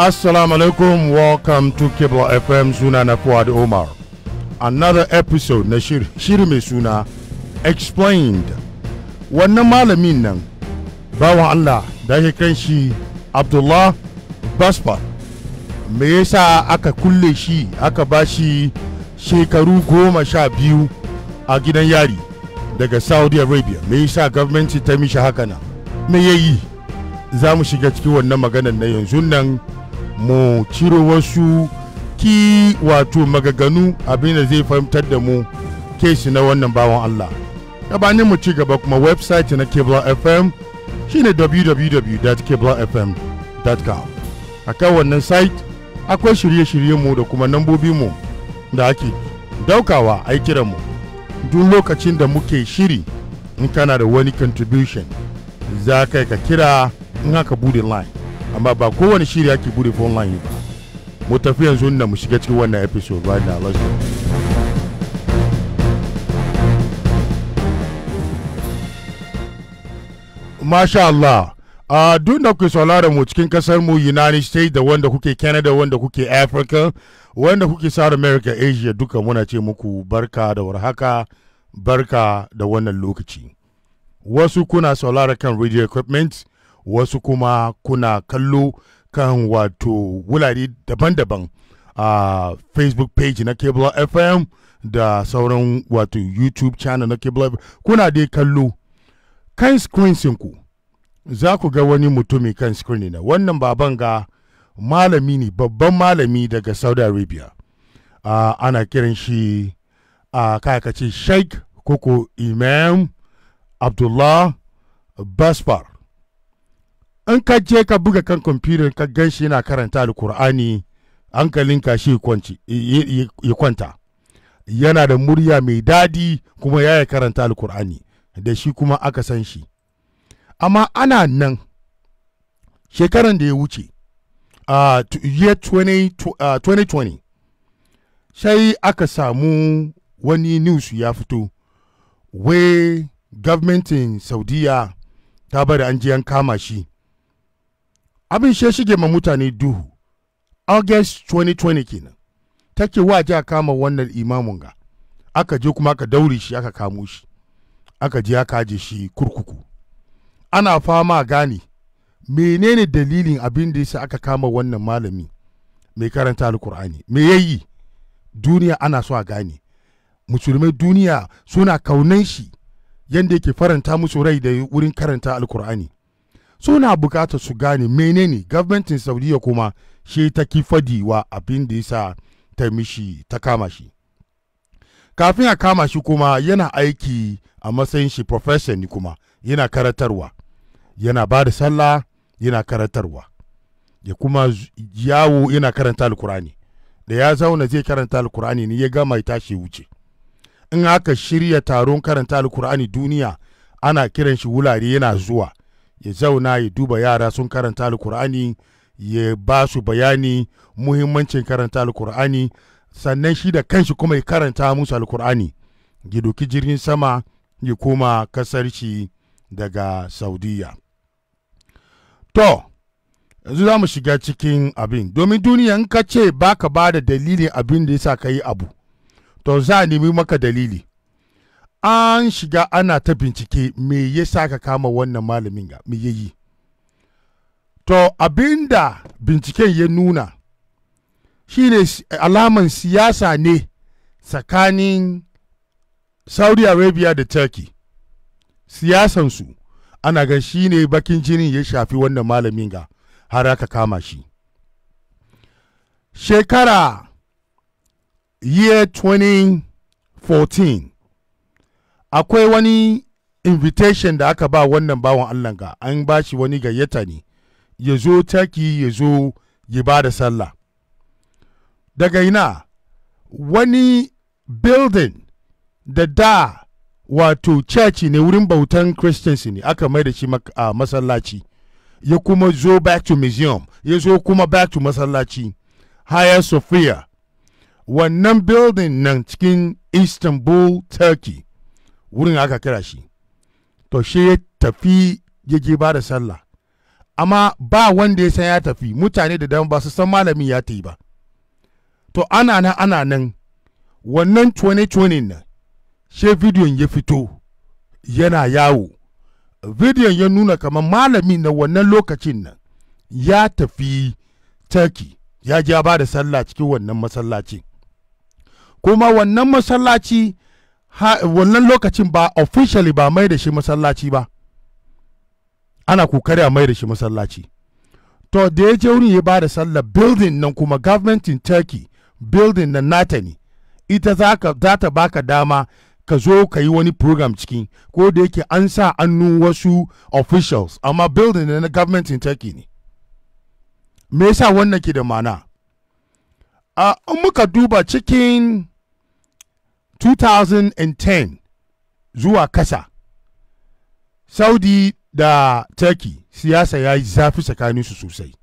Assalamu alaikum welcome to Kibla FM suna na Fuad Omar. Another episode na shiri, mai suna Explained. Wannan malamin nan bawan Allah da ya kan shi Abdullah basfa Me yasa aka kulle shi aka ba shi shekaru goma sha biyu a gidan yari daga Saudi Arabia. Me yasa gwamnati ta mishi haka nan? Me yayi? Za mu shiga cikin wannan maganar na yanzu nan. mu ciro wasu ki wato magaganu abin da zai fahimtar da mu shi na wannan bawan Allah. Gabanin mu ci gaba kuma website na Kebla FM shine www.kablafm.com. A kan wannan site akwai shirye-shirye mu da kuma nambobi mu da ake daukawa a yi mu duk lokacin da muke shiri in kana da wani contribution za ka ka kira in haka bude line amma ba kowane shiri ake bude phone line ba mu tafi yanzu na mu shiga cikin wannan episode ba da let's Masha Allah, a duk da kuke sauraron mu cikin kasar mu United States da wanda kuke Canada wanda kuke Africa wanda kuke South America Asia duka muna ce muku barka da warhaka barka da wannan lokaci. Wasu kuna saurara kan radio equipment wasu kuma kuna kallo kan wato wulare daban-daban a facebook page na cable fm da sauran wato youtube channel na cable fm kuna dai kallo kan screen ku za ku ga wani mutumi kan screen na wannan baban ga malami ne babban malami daga saudi arabia uh, ana kiran shi a uh, kayakace sheikh koko imam abdullah basfar in ka je ka buga kan kwamfutar ka gan shi yana karanta alkur'ani hankalinka shi ya kwanta yana da murya mai dadi kuma ya yi karanta alkur'ani da shi kuma aka san shi amma ana nan shekaran da ya wuce a year 2020 sai aka samu wani news ya fito wai gwamnatin saudiya ta bari an je an kama shi abin shi shige ma mutane duhu august 2020 kenan take wa a kama wannan imamun ga aka je kuma aka daure shi aka kamo shi aka je aka je shi kurkuku ana fama gane menene dalilin abin da yasa aka kama wannan malami mai karanta alkur'ani me yayi duniya ana so a gane musulmai duniya suna kaunan shi yadda yake faranta musu rai da wurin karanta alkur'ani suna bukata su gane menene gwamnatin saudiya kuma shi ta kifadi wa abin da yasa ta mishi ta kama shi kafin a kama shi kuma yana aiki a matsayin shi profession kuma yana karatarwa yana ba da sallah yana karatarwa ya kuma yawo yana karanta alkurani da ya zauna zai karanta alkurani ne ya gama ya tashi wuce in aka shirya taron karanta alkur'ani duniya ana kiran shi wulare yana zuwa ya zauna ya duba yara sun karanta alkur'ani ya ba su bayani muhimmancin karanta alkur'ani sannan shi da kanshi kuma ya karanta musu alkur'ani ya doki jirgin sama ya koma kasar shi daga saudiya to yanzu za mu shiga cikin abin domin duniya in ka ce ba ka ba da dalilin abin da ya sa ka yi abu to za a nemi maka dalili an shiga ana ta bincike me ya sa ka kama wannan malamin ga me ya yi to abinda binciken ya nuna shine alaman siyasa ne tsakanin saudi arabia da turkey siyasansu ana ga shi ne bakin jinin ya shafi wannan malamin ga har aka kama shi shekara year 2014 akwai wani invitation da aka ba wannan bawan Allah ga an ba shi wani gayyata ne ya zo taki ya zo ya ba da sallah daga ina wani building da da wato church ne wurin bautan christians ne aka mai da shi a masallaci ya kuma zo back to museum ya zo kuma back to masallaci haya sophia wannan building nan cikin istanbul turkey wurin aka kira shi to shi ya tafi ya ba da sallah amma ba wanda ya san ya tafi mutane da dama ba su san malamin ya ta yi ba to ana nan ana nan wannan cone-cone nan shi bidiyon ya fito yana yawo bidiyon ya nuna kamar malami na wannan lokacin nan ya tafi turkey ya ja ba da sallah cikin wannan masallaci kuma wannan masallaci wannan lokacin ba officially ba mai da shi masallaci ba ana kokari a mai da shi masallaci to da ya je wurin ya ba da sallah building nan kuma in turkey building na nata ita za ta baka dama ka zo ka yi wani program cikin ko da yake an sa annu wasu officials amma building na in turkey ne me yasa wannan ke da mana a muka duba cikin 2010 zuwa kasa saudi da turkey siyasa ya yi zafi tsakaninsu sosai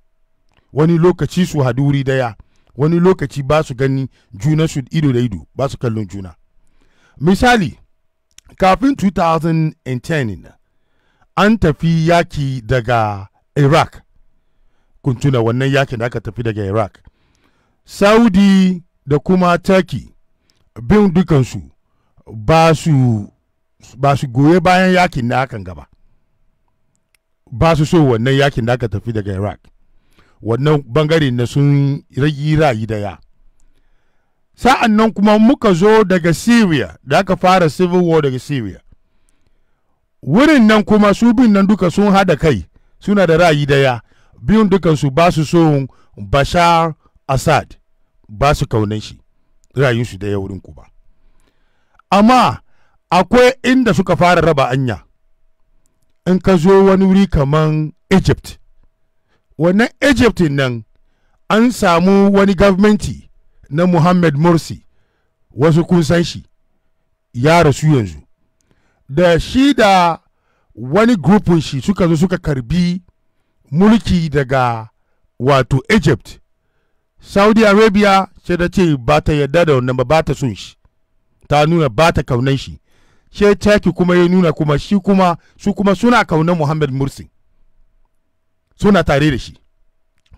wani lokaci su haduri wuri daya wani lokaci ba su gani juna su ido da ido ba su kallon juna misali kafin 2010 an tafi yaki daga iraq kuntuna wannan yakin da aka tafi daga iraq saudi da kuma turkey bin dukansu ba su ba su goye bayan yakin da akan gaba ba su so wannan yakin da aka tafi daga iraq wannan bangare na sun ragi rayi ya sa'an nan kuma muka zo daga syria da aka fara civil war daga syria wurin nan kuma su bin nan duka sun hada kai suna da ra'ayi ya biyun dukansu ba su so bashar assad ba su kaunan shi rayunsu da ya wurin ku ba amma akwai inda suka fara raba anya in ka zo wani wuri kaman egypt wannan egypt nan an samu wani gwamnati na muhammad morsi wasu kun san shi ya rasu yanzu da shi da wani grupin shi suka zo suka karbi mulki daga wato egypt saudi arabia sai ta ce ba ta yarda da wannan ba ba ta son shi ta nuna ba ta kaunan shi sai taki kuma ya nuna kuma shi kuma su kuma suna kaunan muhammad mursi suna tare da shi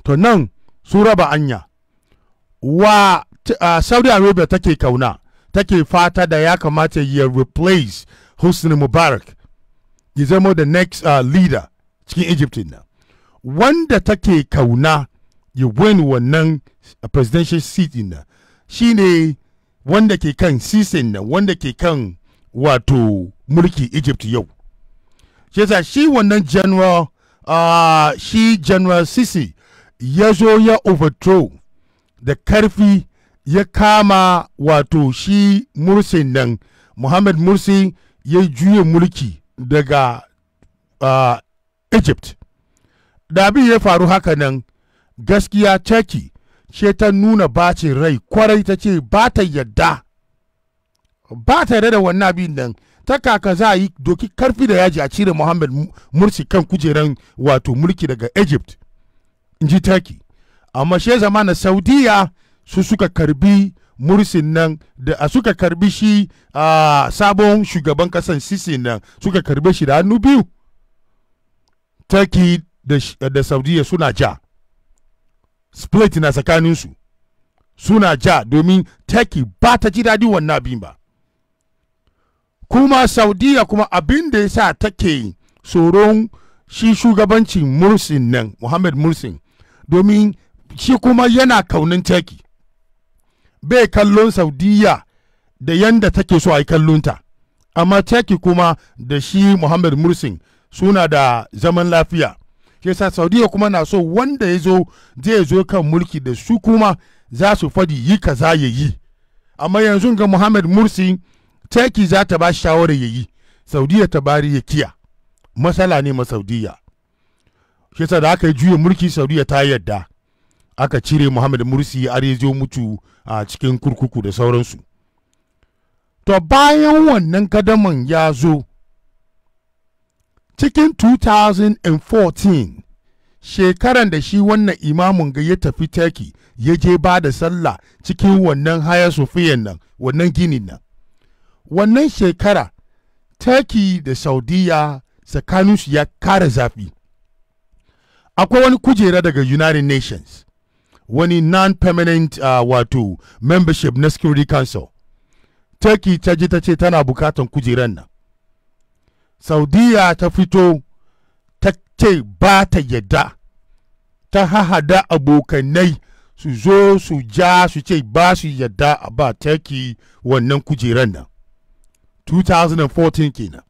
to nan su raba anya wa uh, saudi arabia take kauna take fata da ya kamata ya replace Hussein mubarak ya zama the next uh, leader cikin egypt nan wanda take kauna ya win wannan uh, presidential seat na shi ne wanda ke kan sisin na wanda ke kan wato mulki egypt yau shi yasa shi wannan general uh, shi general sisi ya zo ya overthrow da karfi ya kama wato shi mursin nan muhammad mursi ya juye mulki daga uh, egypt da abin ya faru haka nan gaskiya Turkey ce ta nuna bacin rai kwarai ta ce ba ta yadda ba ta yadda da wannan abin nan ta kaka za a yi doki karfi da yaji a cire muhammad mursi kan kujeran wato mulki daga egypt in ji turkey amma she zama na saudiya su suka karbi mursin nan da suka karbi shi a sabon shugaban kasan sisi nan suka karbe shi da hannu biyu turkey da saudiya suna ja split na tsakaninsu suna ja domin turkey ba ta ji daɗi wannan abin ba kuma saudiya kuma abin da ya sa take tsoron shi shugabancin mursin nan muhammad mursin domin shi kuma yana kaunin turkey bai kallon saudiya da yanda take so a yi kallonta amma turkey kuma da shi muhammad mursin suna da zaman lafiya shi yasa saudiya kuma na so wanda ya zo zai zo kan mulki da su kuma za su fadi yi kaza ya yi amma yanzu ga muhammad mursi turkey za ta ba shawarar ya yi saudiya ta bari ya kiya matsala ne ma saudiya shi yasa da aka yi juya mulki saudiya ta yadda aka cire muhammad mursi har ya mutu a cikin kurkuku da sauransu to bayan wannan kadaman ya zo cikin 2014 shekaran da shi wannan imamun ga ya tafi turkey ya je ba da sallah cikin wannan haya sufiyan nan wannan ginin nan wannan shekara turkey da saudiya tsakaninsu ya kara zafi akwai wani kujera daga united nations wani non-permanent uh, wato membership na security council turkey ta ji ta ce tana bukatan kujeran nan saudiya ta fito ta ce ba ta yadda ta hahada abokanai su zo su ja su ce ba su yadda a ba turkey wannan kujeran nan 2014 kenan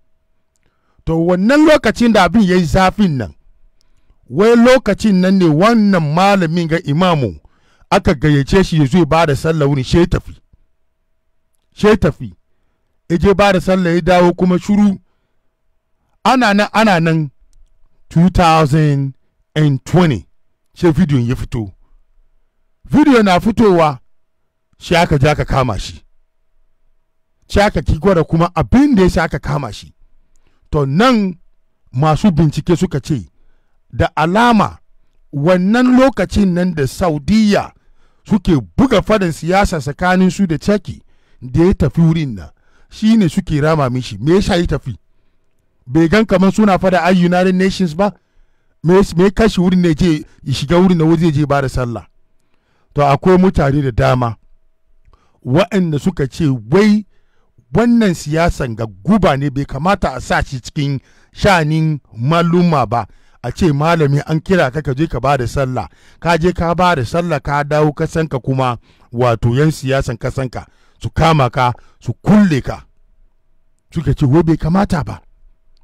to wannan lokacin da abin ya yi zafin nan wai lokacin nan ne wannan malamin ga imamu aka gayyace shi ya zo ba da sallah wuni shetafi shetafi ya je ba da sallah ya dawo kuma shuru ana nan ana nan 2020 sai bidiyon ya fito bidiyo na fitowa shi aka ji aka kama shi shi aka ki gwada kuma abin da ya shi aka kama shi to nan masu bincike suka ce da alama wannan lokacin nan da saudiya suke buga fadin siyasa tsakanin su da ceki da ya tafi wurin nan shine suke rama mishi me ya sha ya tafi bai gan kamar suna fada a united nations ba me kashi wurin ne je shiga wurin na waje je ba da sallah to akwai mutane da dama waɗanda suka ce wai wannan siyasan ga guba ne bai kamata a sa shi cikin shanin maluma ba a ce malami an kira ka ka je ka ba da sallah ka je ka ba da sallah ka dawo kasanka kuma wato yan siyasan kasanka su kama ka su kulle ka suka ce wai bai kamata ba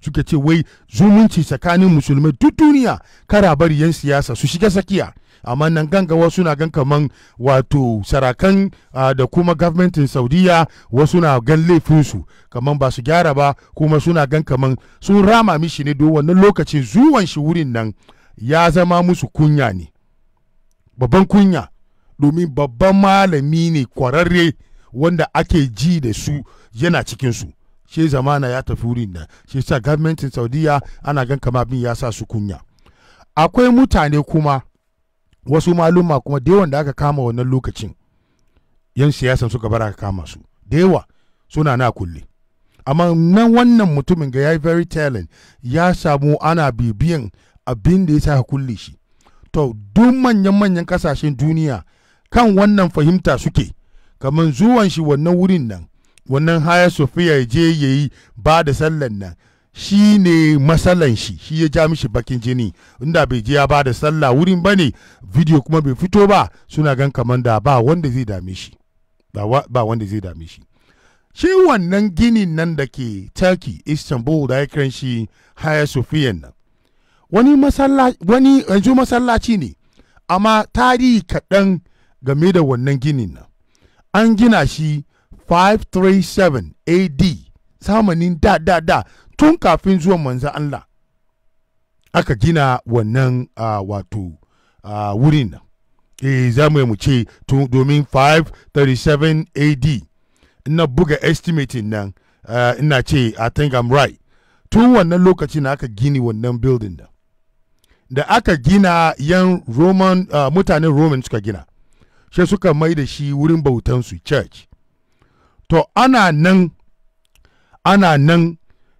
suka ce wai zumunci tsakanin musulmai duk duniya kara bari yan siyasa su shiga tsakiya amma nan ganga wasu na gan kaman wato sarakan da kuma gwamnatin saudiya wasu na gan laifinsu kaman ba su gyara ba kuma suna gan kaman sun rama mishi ne don wannan lokacin zuwan shi wurin nan ya zama musu kunya ne babban kunya domin babban malami ne kwararre wanda ake ji da su yana cikinsu shi zamana ya tafi wurin nan shi sa gwamnatin saudiya ana gan kama bin ya sa su kunya akwai mutane kuma wasu maluma kuma da yawan da aka kama wannan lokacin yan siyasan suka bar aka kama su da yawa suna na kulle amma nan wannan mutumin ga ya yi very talent ya samu ana bibiyan abin da ya sa kulle shi to duk manyan-manyan kasashen duniya kan wannan fahimta suke kamar zuwan shi wannan wurin nan wannan haya sofiya je ya yi ba da sallan nan shi ne matsalan shi shi ya ja mishi bakin jini inda bai je ya ba da sallah wurin ba ne video kuma bai fito ba suna gan kamar da ba wanda zai dame shi ba wanda zai dame shi shi wannan ginin nan da ke turkey istanbul da ya kiran shi haya sofiya nan wani masallaci yanzu masallaci ne amma tarihi kaɗan game da wannan ginin nan an gina shi 537 AD zamani da da da tun kafin zuwan manzan Allah aka gina wannan uh, wato uh, wurin nan e za mu mu ce domin 537 AD na buga estimating nan uh, ina ce I think I'm right tun wannan lokaci na aka gini wannan building nan da aka gina yan roman uh, mutanen roman suka gina She suka mai da shi wurin bautansu church to ana nan ana nan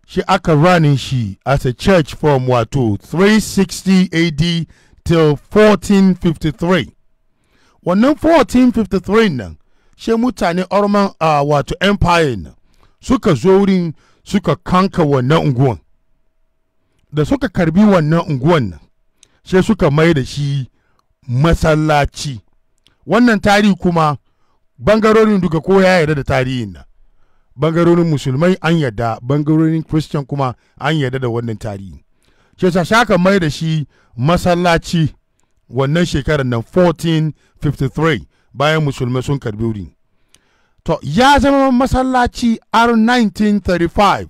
shi aka rani shi as a church from wato 360 AD till 1453 wannan 1453 nan shi mutane orman a uh, wato empire nan suka zo wurin suka kanka wannan unguwan da suka karbi wannan unguwan nan shi suka mai da shi masallaci wannan tarihi kuma bangarorin duka ko ya yarda da tarihin nan bangarorin musulmai an yarda bangarorin christian kuma an yarda da wannan tarihi sa shaka mai da shi masallaci wannan shekarar nan 1453 bayan musulmai sun karbi wurin to ya zama masallaci har 1935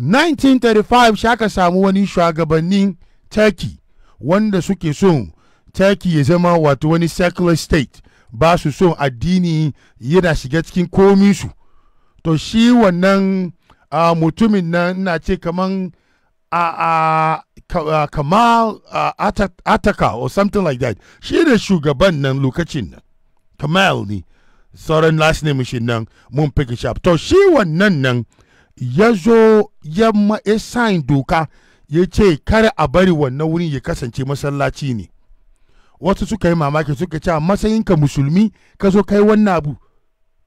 1935 shaka samu wani shugabannin turkey wanda suke son turkey ya zama wato wani secular state ba su son addini yana shiga cikin komi su to shi wannan uh, mutumin nan na ce kaman a uh, uh, ataka or something like that shi ne shugaban nan lokacin nan kamal ne sauran last name shi nan mun fi sharp to shi wannan nan ya zo ya sign doka ya ce kar a bari wannan wurin ya kasance masallaci ne wasu suka yi mamaki suka ce a matsayinka musulmi ka zo kai wannan abu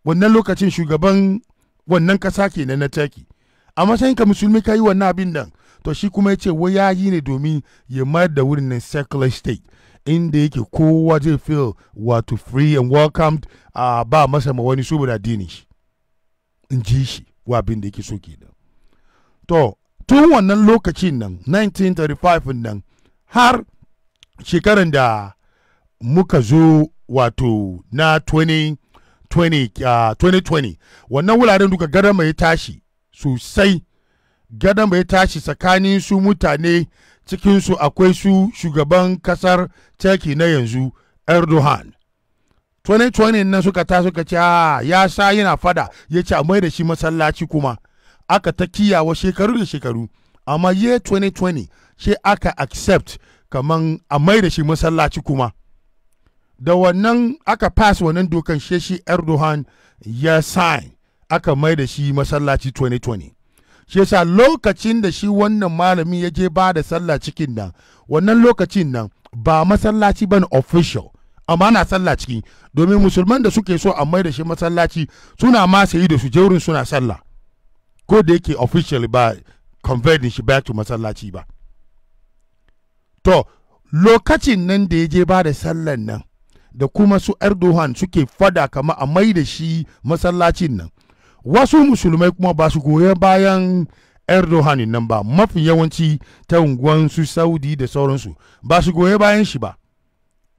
wannan lokacin shugaban wannan kasa ke na turkey a matsayinka musulmi ka yi wannan abin nan to shi kuma ya ce wai ya yi ne domin ya mayar da wurin nan secular state inda yake kowa zai feel wato free and welcomed a ba masa ma wani saboda addinin shi in ji shi wa abin da yake so kenan to tun wannan lokacin nan 1935 nan har shekaran da muka zo wato na 2020 uh, wannan wuraren duka gada mai tashi sosai gada mai tashi tsakanin su mutane cikinsu akwai su shugaban kasar turkey na yanzu erdogan 2020 na suka ta suka ce ah, ya sa yana fada ya ce a mai da shi masallaci kuma aka ta kiyawa shekaru da shekaru amma ye 2020 shi aka accept kaman a mai da shi masallaci kuma da wannan aka pass wannan dokan sheshi Erdogan ya sign aka mai da shi masallaci 2020 shi yasa lokacin da shi wannan malami ya je ba da sallah cikin nan wannan lokacin nan ba masallaci bane official amma na sallah ciki domin musulman da suke so a mai da shi masallaci suna ma sayi da su jaurin suna sallah ko da yake official ba converting shi back to masallaci ba to lokacin nan da ya je ba da sallan nan da kuma su erdogan suke fada kama a mai da shi masallacin nan wasu musulmai kuma ba su goyon bayan erdogan nan ba mafi yawanci ta unguwan su saudi da sauransu ba su goye bayan shi ba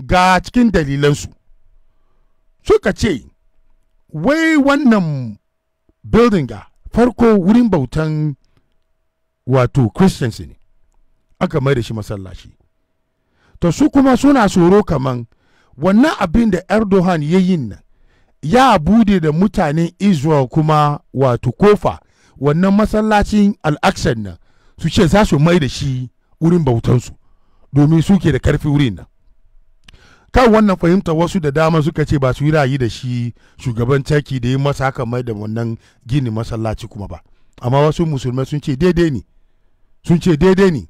ga cikin dalilansu suka ce wai wannan building farko wurin bautan wato christians ne aka mai da shi masallaci to su kuma suna tsoro kaman wannan abin da erdogan ya yi nan ya bude da mutanen israel kuma wato kofa wannan masallacin al'aksan nan su ce za su mai da shi wurin bautansu domin suke da karfi wurin nan kan wannan fahimta wasu da dama suka ce ba su yi rayu da shi shugaban turkey da yi masa haka mai da wannan gini masallaci kuma ba amma wasu musulmai sun ce daidai ne sun ce daidai ne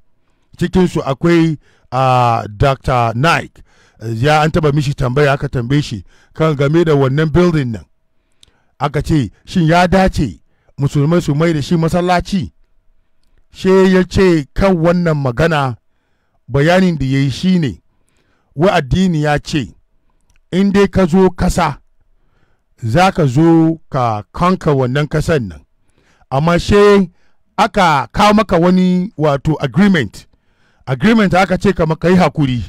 cikinsu akwai uh, ah, dr nike ya an taba mishi tambaya aka tambaye shi kan game da wannan bildin nan aka ce shin ya dace musulmai su mai da shi masallaci she ya ce kan wannan magana bayanin da ya yi shi ne wa addini ya ce in dai ka zo kasa za ka zo ka kanka wannan kasan nan amma she aka kawo maka wani wato agreement agreement aka ce kama ka yi hakuri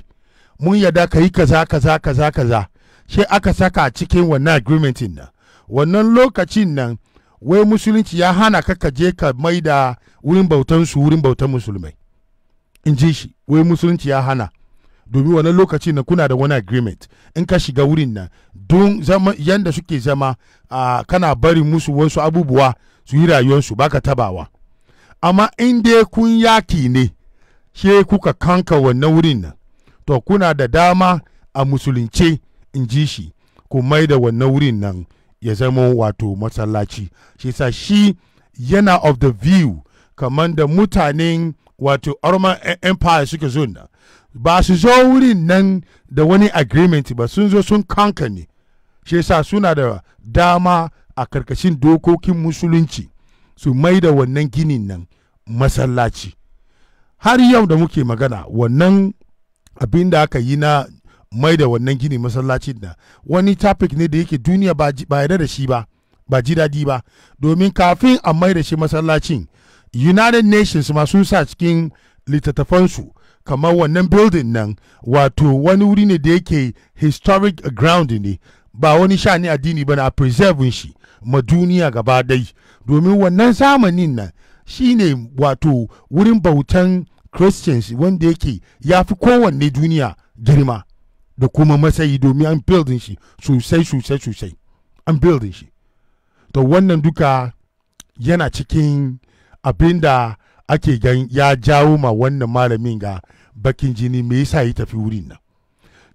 mun yadda ka yi kaza kaza kaza kaza sai aka saka cikin wannan agreement nan wannan lokacin nan wai musulunci ya hana ka ka je ka mai da wurin bautan su wurin bautan musulmai in ji shi wai musulunci ya hana domin wannan lokacin nan kuna da wani agreement in ka shiga wurin nan don zama yanda suke zama a kana bari musu wasu abubuwa su yi rayuwarsu baka tabawa amma in dai kun yaki ne she kuka kanka wannan wurin nan to kuna da dama a musulunce in ji shi ku mai da wannan wurin nan ya zama wato masallaci shi sa shi yana of the view kamar da mutanen wato Roman empire suke zo nan ba su zo wurin nan da wani agreement ba sun zo sun kanka ne shi sa suna da dama a karkashin dokokin musulunci su mai da wannan ginin nan masallaci har yau da muke magana wannan abin da aka yi na mai da wannan gini masallacin na wani topic ne da yake duniya ba yarda da shi ba ba ji daɗi ba domin kafin a mai da shi masallacin united nations masu sa cikin littattafansu kamar wannan building nan wato wani wuri ne da yake historic ground ne ba wani sha ne addini ba na preserve shi ma duniya gaba dai domin wannan zamanin nan shine wato wurin bautan christians wanda yake ya fi kowanne duniya girma da kuma matsayi domin an buildin shi sosai sosai sosai an buildin shi to wannan duka yana cikin abin da ake gan ya jawo ma wannan malamin ga bakin jini me yasa ya tafi wurin nan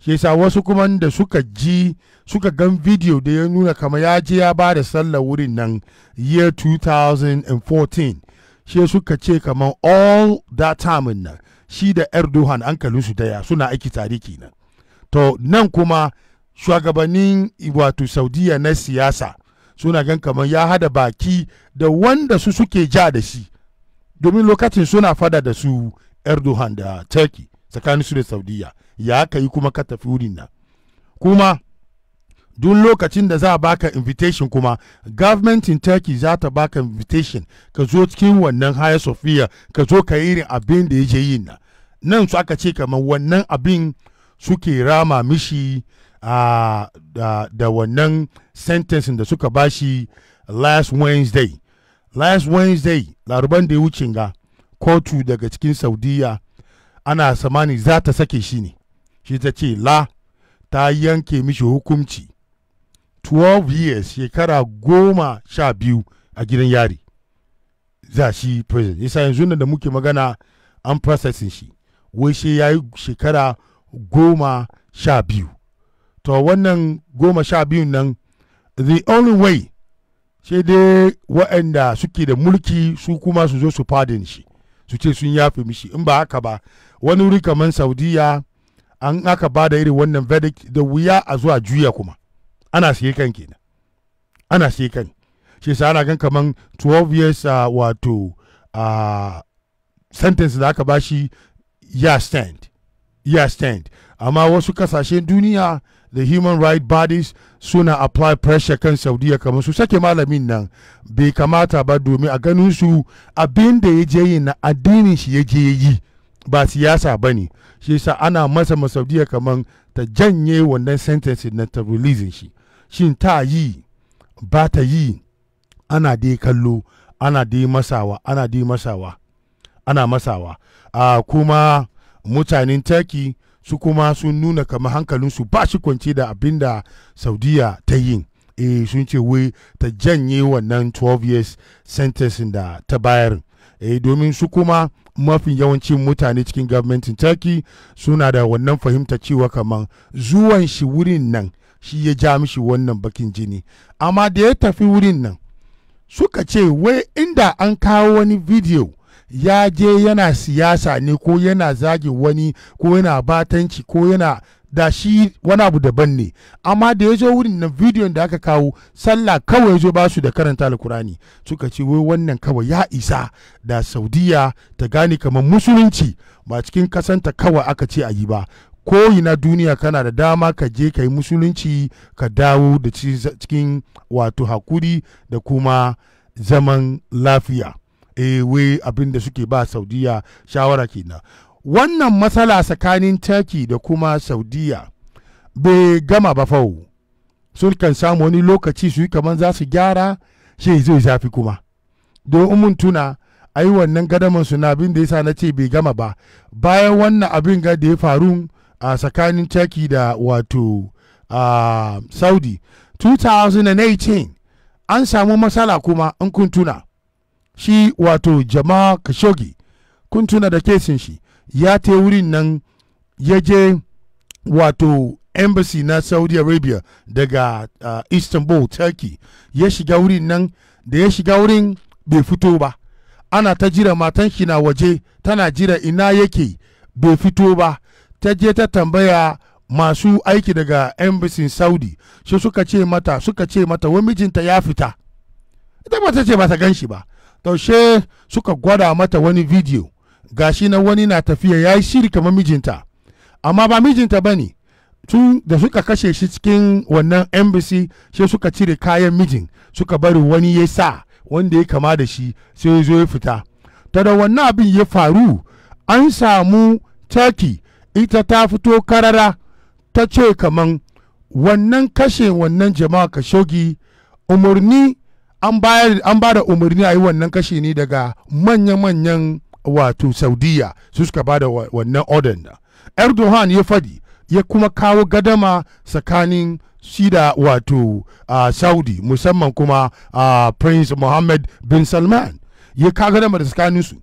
shi yasa wasu kuma da suka ji suka gan video da ya nuna kama ya je ya ba da sallar wurin nan year 2014 shi suka ce kamar all that time nan shi da erdogan an kalli su daya suna aiki tare kenan to nan kuma shugabannin wato saudiya na siyasa suna gan kamar ya hada baki da wanda su suke ja da shi domin lokacin suna fada da su erdogan da turkey tsakanin su da saudiya ya aka yi kuma ka tafi wurin nan kuma duk lokacin da za a baka invitation kuma government in turkey za ta baka invitation ka zo cikin wannan haya sofiya ka zo ka yi irin abin da yake yi na nan su aka ce kamar wannan abin suke rama mishi uh, da, da wannan sentence da suka bashi last wednesday last wednesday laruban da ya wuce ga kotu daga cikin saudiya ana samani za ta sake shi ne shi ta ce la ta yanke mishi hukunci 12 years shekara goma sha biyu a gidan yari za shi prison yasa yanzu nan da muke magana an processing shi wai shi ya yi shekara goma sha biyu to wannan goma sha biyu nan the only way shi dai waɗanda suke da mulki su kuma su zo su fadin shi su ce sun yafe mishi in ba haka ba wani wuri kamar saudiya an aka ba da irin wannan verdict da wuya a zuwa juya kuma ana siye kan kenan ana siye kan shi sa ana gan kaman 12 years uh, wato uh, sentence da aka bashi ya stand ya stand amma wasu kasashen duniya the human right bodies suna apply pressure kan saudiya kamar su sake malamin nan bai kamata ba domin a ganin su abin da ya je yi na addinin shi ya je yi ba siyasa ba ne shi yasa ana masa masaudiya kamar ta janye wannan sentence na ta releasing shi shin ta yi ba ta yi ana dai kallo ana dai masawa ana dai masawa ana masawa a kuma mutanen turkey su kuma sun nuna kamar hankalinsu ba shi kwance da abin da saudiya ta yi e sun ce wai ta janye wannan 12 years sentence da ta bayar e domin su kuma mafi yawancin mutane cikin gwamnatin turkey suna da wannan fahimta cewa kamar zuwan shi wurin nan shi ya ja mishi wannan bakin jini amma da ya tafi wurin nan suka ce wai inda an kawo wani video ya je yana siyasa ne ko yana zage wani ko yana batanci ko yana da shi wani abu daban ne amma da ya zo wurin nan bidiyon da aka kawo sallah kawai ya zo ba su da karanta alkurani suka ce wai wannan kawai ya isa da saudiya ta gane kamar musulunci ba cikin kasanta kawai aka ce a yi ba ko ina duniya kana da dama ka je ka yi musulunci ka dawo da cikin wato hakuri da kuma zaman lafiya ewe eh, abin da suke ba saudiya shawara kenan wannan matsala tsakanin turkey da kuma saudiya bai gama ba fau sun kan samu wani lokaci su yi kamar za su gyara shi zai zafi kuma don umun tuna ai wannan gadaman na abin da sa na ce bai gama ba bayan wannan abin ga da ya faru a tsakanin turkey da wato a saudi 2018 an samu matsala kuma in kun shi wato jama'a kashogi kun da kesin shi ya te wurin nan ya je wato embassy na saudi arabia daga uh, istanbul turkey ya shiga wurin nan da ya shiga wurin bai fito ba ana ta jira matan shi na waje tana jira ina yake bai fito ba ta je ta tambaya masu aiki daga embassy saudi shi suka ce mata suka ce mata mijinta ya fita ita ba ta ce ba ta gan shi ba taushe suka gwada mata wani video gashi na wani na tafiya ya yi shiri kamar mijinta amma ba mijinta ba ne tun da suka kashe shi cikin wannan embassy shi suka cire kayan mijin suka bari wani ya sa wanda ya kama da shi sai ya zo ya fita ta da wannan abin ya faru an samu turkey ita ta fito karara ta ce kaman wannan kashe wannan jama'a kashogi umarni an ba da umarni a yi wannan kashe ne daga manya-manyan wato saudiya su suka ba da wannan order na erdogan ya fadi ya kuma kawo gadama tsakanin shida wato uh, saudi musamman kuma uh, prince mohammed bin salman ya kawo gadama da tsakanin su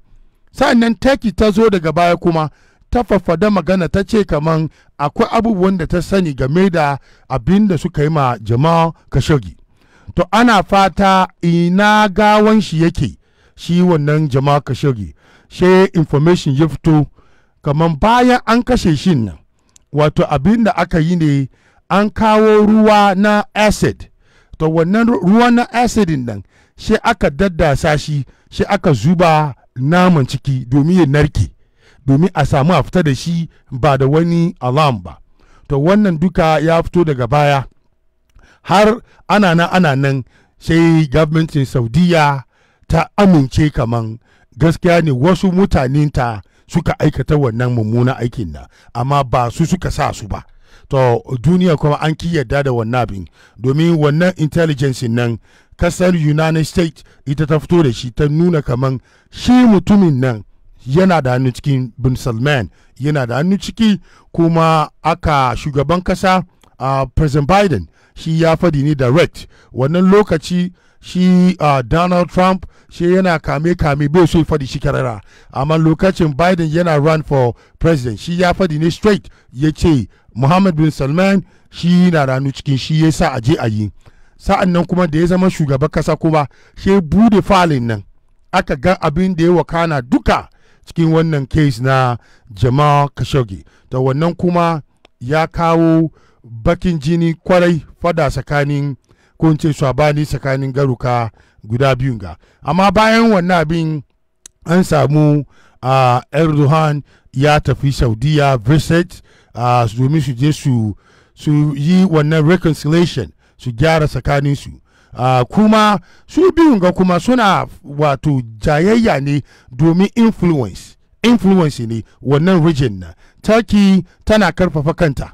sa'annan turkey ta zo daga baya kuma ta faffada magana ta ce kaman akwai abubuwan da ta sani game da abin da suka yi ma jama'a kashogi to ana fata ina gawan shi yake shi wannan jama'a kashogi she information ya fito kaman bayan an kashe shi nan wato abin da aka yi ne an kawo ruwa na acid to wannan ruwa na acid nan shi aka daddasa shi shi aka zuba naman ciki domin ya narke domin a samu a fita da shi ba da wani alam ba to wannan duka ya fito daga baya har ana nan ana nan sai gwamnatin saudiya ta amince kaman gaskiya ne wasu mutanenta suka aikata wannan mummunan aikin na amma ba su suka sa su ba to duniya kuma an ki yarda da wannan abin domin wannan intelligence nan kasar united states ita ta fito da shi ta nuna kaman shi mutumin nan yana da hannu cikin bin salman yana da hannu ciki kuma aka shugaban kasa a uh, president biden shi ya fadi ne direct wannan lokaci shi uh, donald trump shi yana kame-kame bai so fadi shi karara amma lokacin biden yana run for president shi ya fadi ne straight ya ce muhammad bin salman shi na ranu cikin shi ya sa aje a yi sa'an nan kuma da ya zama shugaban kasa kuma shi bude falin nan aka ga abin da ya wakana duka cikin wannan case na Jamal Khashoggi ta wannan kuma ya kawo bakin jini kwarai fada tsakanin kunce in tsakanin garuka guda biyun ga amma bayan wannan abin an samu uh, erdogan ya tafi saudiya visit domin su je su yi wannan reconciliation su gyara tsakaninsu uh, kuma su biyun ga kuma suna wato jayayya ne domin influence influence ne wannan region na turkey tana karfafa kanta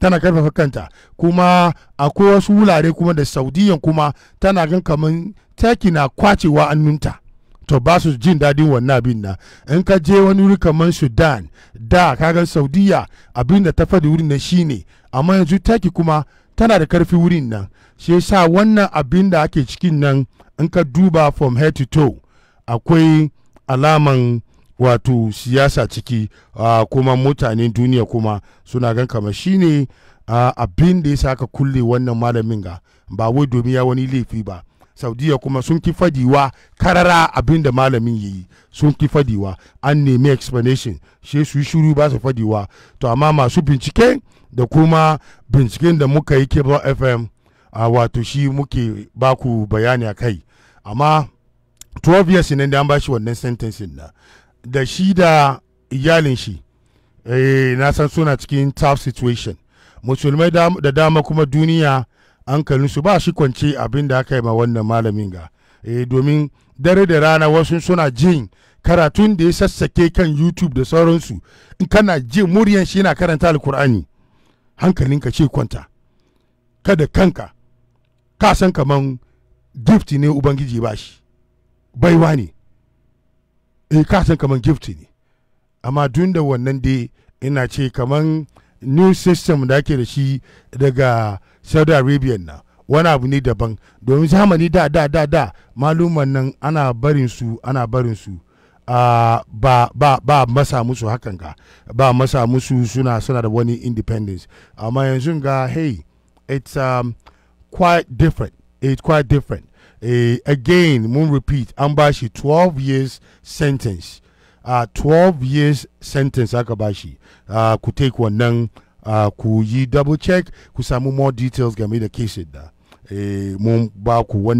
tana karfafa kanta kuma akwai wasu wulare kuma da saudiyan kuma tana gan kamar turkey na kwacewa annunta to ba su jin daɗin wannan abin na in ka je wani wuri kamar sudan da kagan saudiya abin da ta faɗi wurin nan shine amma yanzu turkey kuma tana da karfi wurin nan shi yasa wannan abin da ake cikin nan in ka duba from head to toe akwai alaman wato siyasa ciki uh, kuma mutanen duniya kuma suna gan kama shine uh, abin da ya sa ka kulle wannan malamin ga ba wai domin ya wani laifi ba saudiya kuma sun ki fadiwa karara abin da malamin ya yi sun ki fadiwa an nemi explanation shi su yi shuru ba su fadiwa to amma masu bincike da kuma binciken da muka yi cable fm a ah, wato shi muke baku bayani a kai amma 12 years ne da an bashi wannan sentencing na da shi da iyalin shi eh, na san suna cikin tough situation musulmai da dama kuma duniya hankalin su ba shi kwance abin da aka yi ma wannan malamin ga eh, domin dare da rana wasu suna jin karatun da ya sassake kan youtube da sauransu in kana jin muryan shi yana karanta alkur'ani hankalinka ce kwanta kada kanka ka san kaman gift ne ubangiji ba shi baiwa ne eh ka san kaman gift ne amma duk da wannan dai ina ce kaman new system da ake da shi daga saudi arabia na wani abu ne daban domin zamani da da da da maluman nan ana barin su ana barin su ba ba ba masa musu hakan ga ba masa musu suna suna da wani independence amma yanzu ga hey it's um, quite different. It's quite different. Uh, again, moon repeat, an ba 12 years sentence. Uh, 12 years sentence Akabashi. Uh, could take nang. uh, could yi double check Could some more details game da case da. moon mun ba ku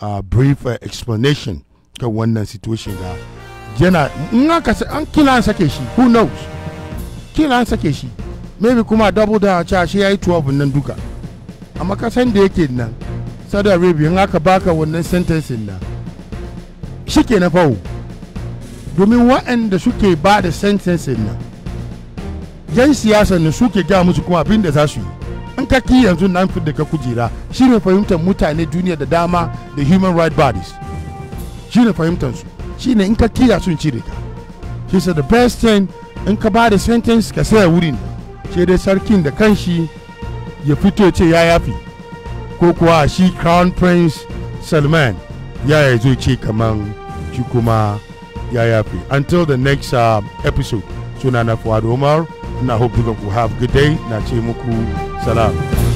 uh, brief uh, explanation one wannan situation da yana in aka an kila an sake who knows kila an sake maybe kuma double da a ce shi ya 12 nan duka amma kasan da yake nan saudi arabia in aka baka wannan sentencing nan shi ke na fawo domin waɗanda suke ba da sentencing nan yan siyasa ne suke gaya musu kuma abin da za su yi in ka ki yanzu nan fi da ka kujera shi ne fahimtar mutane duniya da dama da human right bodies shi ne fahimtar su shi ne in ka kiya sun cire ka shi the best thing in ka ba da sentence ka saya wurin shi dai sarkin da kanshi ya fito ce ya yafi ko kuwa shi crown prince salman ya yi zo ce kaman shi kuma ya yafi until the next uh, episode suna na fuad Umar na hope you ku have good day na ce muku salam